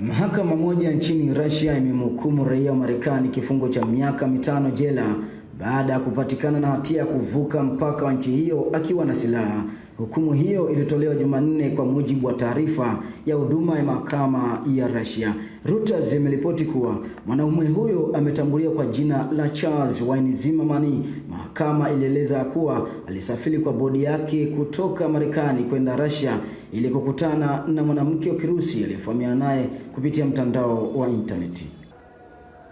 Mahakama moja nchini Russia imemhukumu raia wa Marekani kifungo cha miaka mitano jela baada ya kupatikana na hatia ya kuvuka mpaka wa nchi hiyo akiwa na silaha. Hukumu hiyo ilitolewa Jumanne kwa mujibu wa taarifa ya huduma ya mahakama ya Russia. Reuters imeripoti kuwa mwanaume huyo ametambuliwa kwa jina la Charles Wayne Zimmerman. Mahakama ilieleza kuwa alisafiri kwa bodi yake kutoka Marekani kwenda Russia ili kukutana na mwanamke wa Kirusi aliyefahamiana naye kupitia mtandao wa intaneti.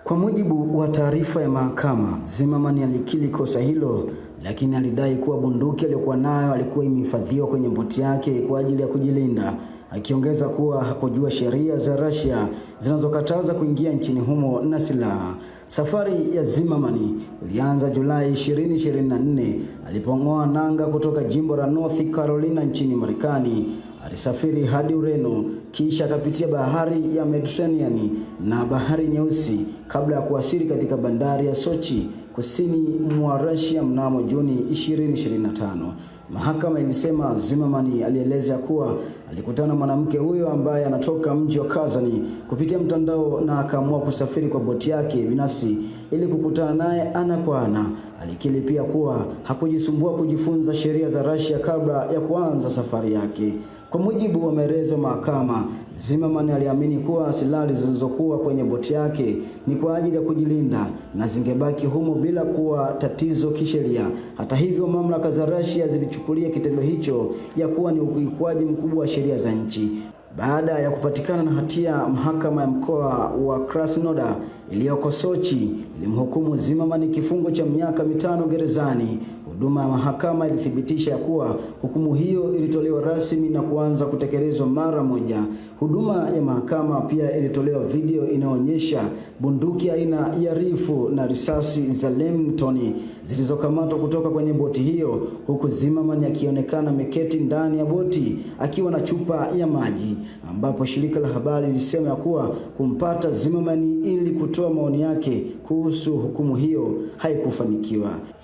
Kwa mujibu wa taarifa ya mahakama, Zimmerman alikiri kosa hilo, lakini alidai kuwa bunduki aliyokuwa nayo alikuwa imehifadhiwa kwenye boti yake kwa ajili ya kujilinda, akiongeza kuwa hakujua sheria za Russia zinazokataza kuingia nchini humo na silaha. Safari ya Zimmerman ilianza Julai 2024 alipong'oa nanga kutoka jimbo la North Carolina nchini Marekani alisafiri hadi Ureno kisha akapitia bahari ya Mediterranean na bahari Nyeusi kabla ya kuwasili katika bandari ya Sochi kusini mwa Russia mnamo Juni 2025. Mahakama ilisema Zimmerman alieleza kuwa alikutana na mwanamke huyo ambaye anatoka mji wa Kazani kupitia mtandao na akaamua kusafiri kwa boti yake binafsi ili kukutana naye ana kwa ana. Alikiri pia kuwa hakujisumbua kujifunza sheria za Russia kabla ya kuanza safari yake. Kwa mujibu wa maelezo ya mahakama, Zimmerman aliamini kuwa silaha zilizokuwa kwenye boti yake ni kwa ajili ya kujilinda na zingebaki humo bila kuwa tatizo kisheria. Hata hivyo, mamlaka za Russia zilich kukichukulia kitendo hicho ya kuwa ni ukiukwaji mkubwa wa sheria za nchi. Baada ya kupatikana na hatia, mahakama ya mkoa wa Krasnodar iliyoko Sochi ilimhukumu Zimmerman kifungo cha miaka mitano gerezani Huduma ya mahakama ilithibitisha kuwa hukumu hiyo ilitolewa rasmi na kuanza kutekelezwa mara moja. Huduma ya mahakama pia ilitolewa video inayoonyesha bunduki aina ya rifu na risasi za Remington zilizokamatwa kutoka kwenye boti hiyo, huku Zimmerman akionekana ameketi ndani ya boti akiwa na chupa ya maji, ambapo shirika la habari lilisema kuwa kumpata Zimmerman ili kutoa maoni yake kuhusu hukumu hiyo haikufanikiwa.